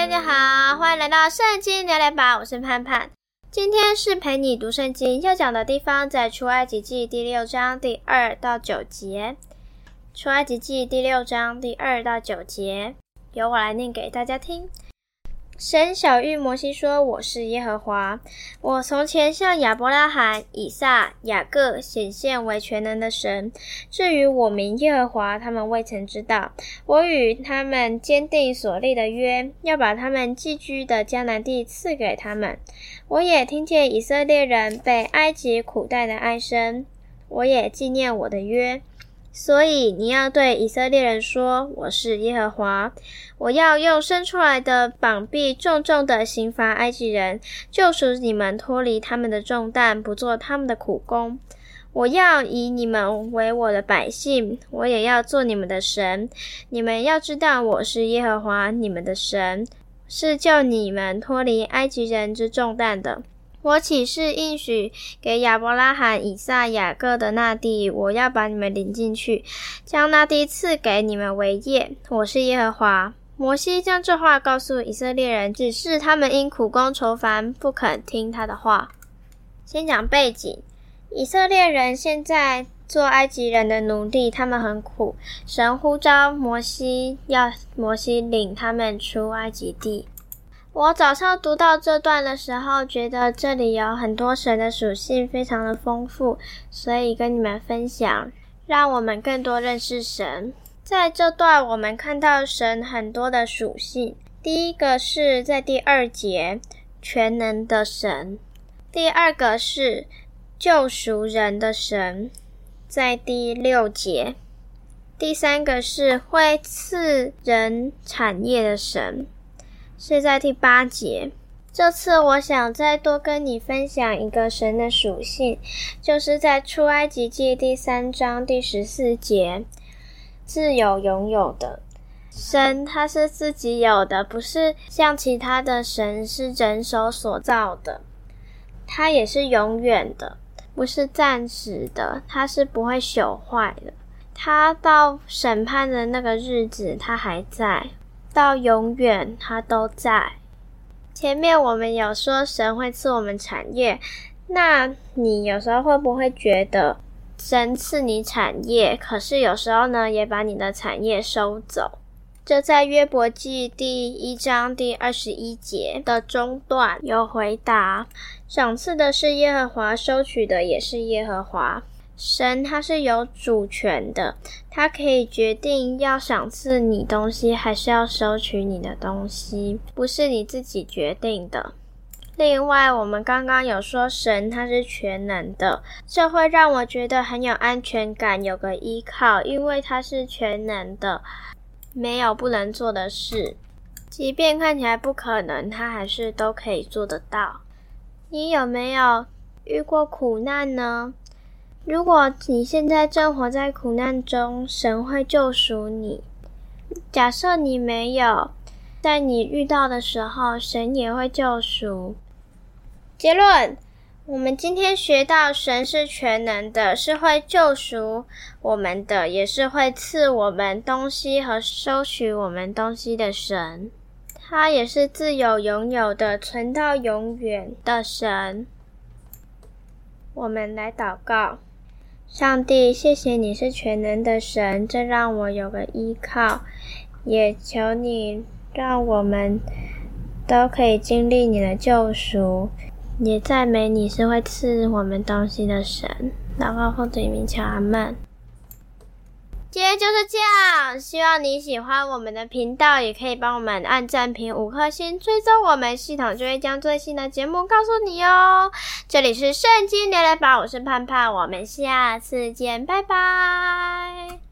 大家好，歡迎來到聖經聊聊吧，我是盼盼。今天是陪你讀聖經要講的地方在，在出埃及記第六章第二到九節。出埃及記第六章第二到九節，由我來念給大家聽。神曉諭摩西說：“我是耶和華，我從前向亞伯拉罕、以撒、雅各顯現為全能的神。至於我名耶和華，他們未曾知道。我與他們堅定所立的約，要把他們寄居的迦南地賜給他們。我也聽見以色列人被埃及苦待的哀聲，我也紀念我的約。”所以你要對以色列人說：“我是耶和華，我要用伸出來的膀臂重重的刑罰埃及人，救贖你們脫離他們的重擔，不做他們的苦工。我要以你們為我的百姓，我也要做你們的神。你們要知道，我是耶和華你們的神，是救你們脫離埃及人之重擔的。”我起誓應許給亞伯拉罕、以撒、雅各的那地，我要把你們領進去，將那地賜給你們為業。我是耶和華。摩西將這話告訴以色列人，只是他們因苦工愁煩，不肯聽他的話。先講背景：以色列人現在做埃及人的奴隸，他們很苦。神呼召摩西，要摩西領他們出埃及地。我早上讀到這段的時候，覺得這裡有很多神的屬性非常的豐富，所以跟你們分享，讓我們更多認識神。在這段，我們看到神很多的屬性。第一個是在第二節，全能的神；第二個是救贖人的神，在第六節；第三個是會賜人產業的神。是在第八節。這次我想再多跟你分享一個神的屬性，就是在出埃及記第三章第十四節，自有永有的神。它是自己有的，不是像其他的神是人手所造的。它也是永遠的，不是暫時的，它是不會朽壞的。它到審判的那個日子，它還在。到永遠，他都在。前面我們有說神會賜我們產業，那你有時候會不會覺得神賜你產業，可是有時候呢也把你的產業收走？這在約伯記第一章第二十一節的中段有回答：賞賜的是耶和華，收取的也是耶和華。神他是有主權的，他可以決定要賞賜你東西，還是要收取你的東西，不是你自己決定的。另外，我們剛剛有說神他是全能的，這會讓我覺得很有安全感，有個依靠，因為他是全能的，沒有不能做的事，即便看起來不可能，他還是都可以做得到。你有沒有遇過苦難呢？如果你現在正活在苦難中，神會救贖你。假設你沒有，在你遇到的時候，神也會救贖。結論：我們今天學到，神是全能的，是會救贖我們的，也是會賜我們東西和收取我們東西的神。他也是自有永有的、存到永遠的神。我們來禱告。上帝，謝謝你是全能的神，這讓我有個依靠，也求你讓我們都可以經歷你的救贖，也讚美你是會賜我們東西的神。禱告奉主名求阿們。今天就是這樣，希望你喜歡我們的頻道，也可以幫我們按讚評五顆星，追蹤我們系統就會將最新的節目告訴你哦。這裡是聖經連連寶，我是盼盼，我們下次見，拜拜。